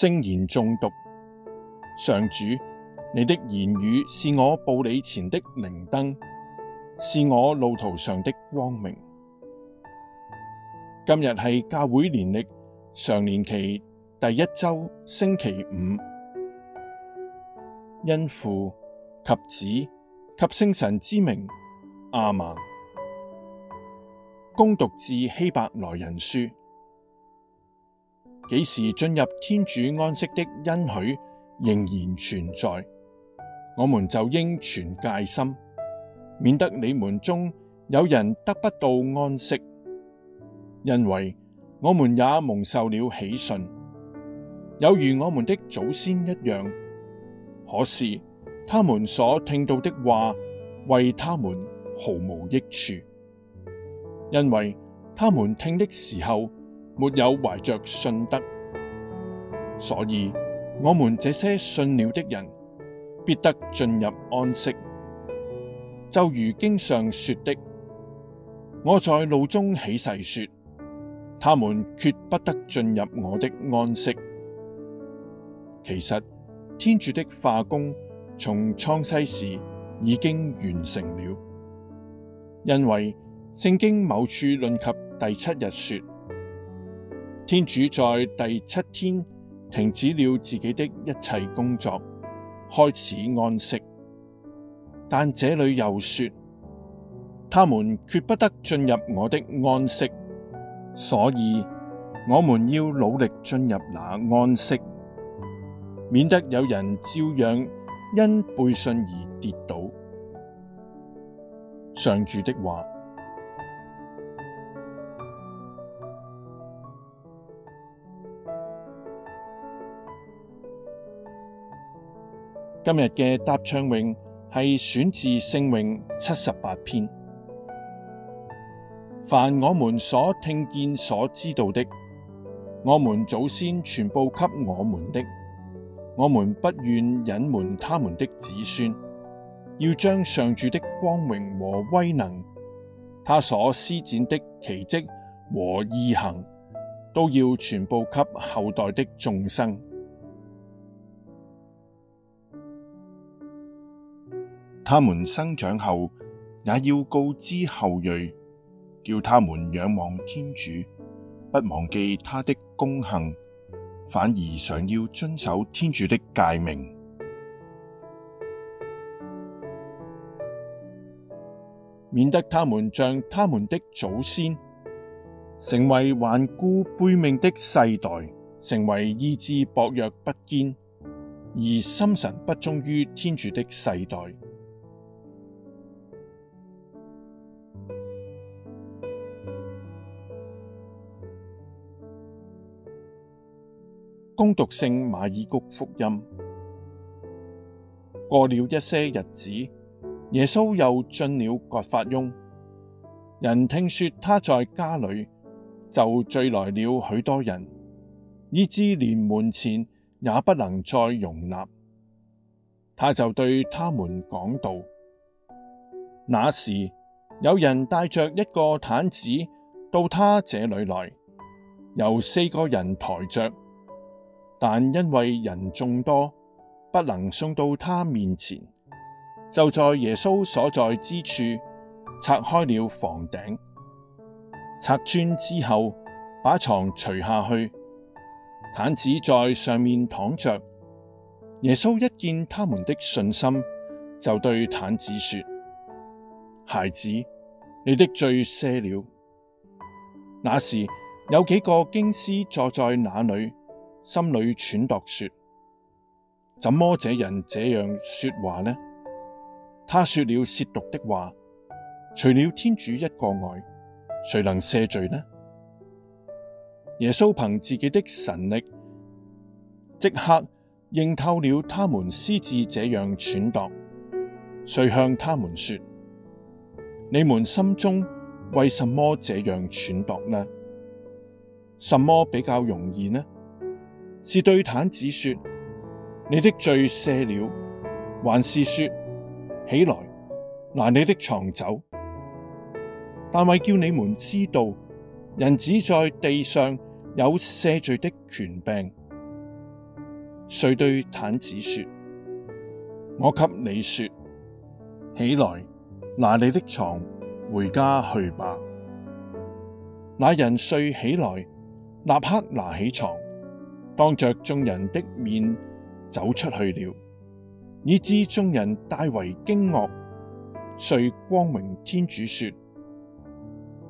聖言誦讀。上主，你的言語是我步履前的明燈，是我路途上的光明。今日係教會年曆常年期第一周星期五，因父及子及聖神之名阿們，恭讀致希伯來人書。幾時進入天主安息的恩許仍然存在，我們就應存戒心，免得你們中有人得不到安息。因為我們也蒙受了喜訊，有如我們的祖先一樣，可是他們所聽到的話為他們毫無益處，因為他們聽的時候。沒有懷着信德，所以我們這些信了的人，必得進入安息。就如經上說的：我在怒中起誓說，他們決不得進入我的安息。其實天主的化工從創世時已經完成了，因為聖經某處論及第七日說。天主在第七天停止了自己的一切工作，開始安息。但這裏又說，他們決不得進入我的安息。所以我們要努力進入那安息，免得有人照樣因背信而跌倒。上主的話。今日嘅答唱詠係選自聖詠七十八篇。凡我們所聽見、所知道的，我們祖先傳報給我們的，我們不願隱瞞他們的子孫，要將上主的光榮和威能，他所施展的奇蹟和異行，都要傳報給後代的眾生。他們生長後，也要告知後裔，叫他們仰望天主，不忘記他的工行，反而常要遵守天主的誡命，免得他們像他們的祖先，成為頑固背命的世代，成為意志薄弱不堅而心神不忠於天主的世代。恭讀聖馬爾谷福音。過了一些日子，耶穌又進了葛法翁。人聽說他在家裏，就聚來了許多人，以致連門前也不能再容納。他就對他們講道。那時，有人帶着一個癱子到他這裏來，由四個人抬着。但因為人眾多，不能送到他面前，就在耶穌所在之處，拆開了房頂，拆穿之後把床縋下去，癱子在上面躺着。耶穌一見他們的信心，就對癱子說：孩子，你的罪赦了。那時有幾個經師坐在那裏。心裏忖度說：「怎麼這人這樣說話呢？他說了褻瀆的話，除了天主一個外，誰能赦罪呢？」耶穌憑自己的神力，即刻認透了他們私自這樣忖度，遂向他們說：「你們心中為什麼這樣忖度呢？什麼比較容易呢？是對癱子說，你的罪赦了，還是說，起來拿你的床走？但為叫你們知道，人子在地上有赦罪的權柄。遂對癱子說，我給你說，起來拿你的床回家去吧。那人遂起來，立刻拿起床。當着眾人的面走出去了，以致眾人大為驚愕。遂光榮天主說：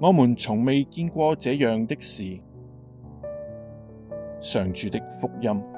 我們從未見過這樣的事。上主的福音。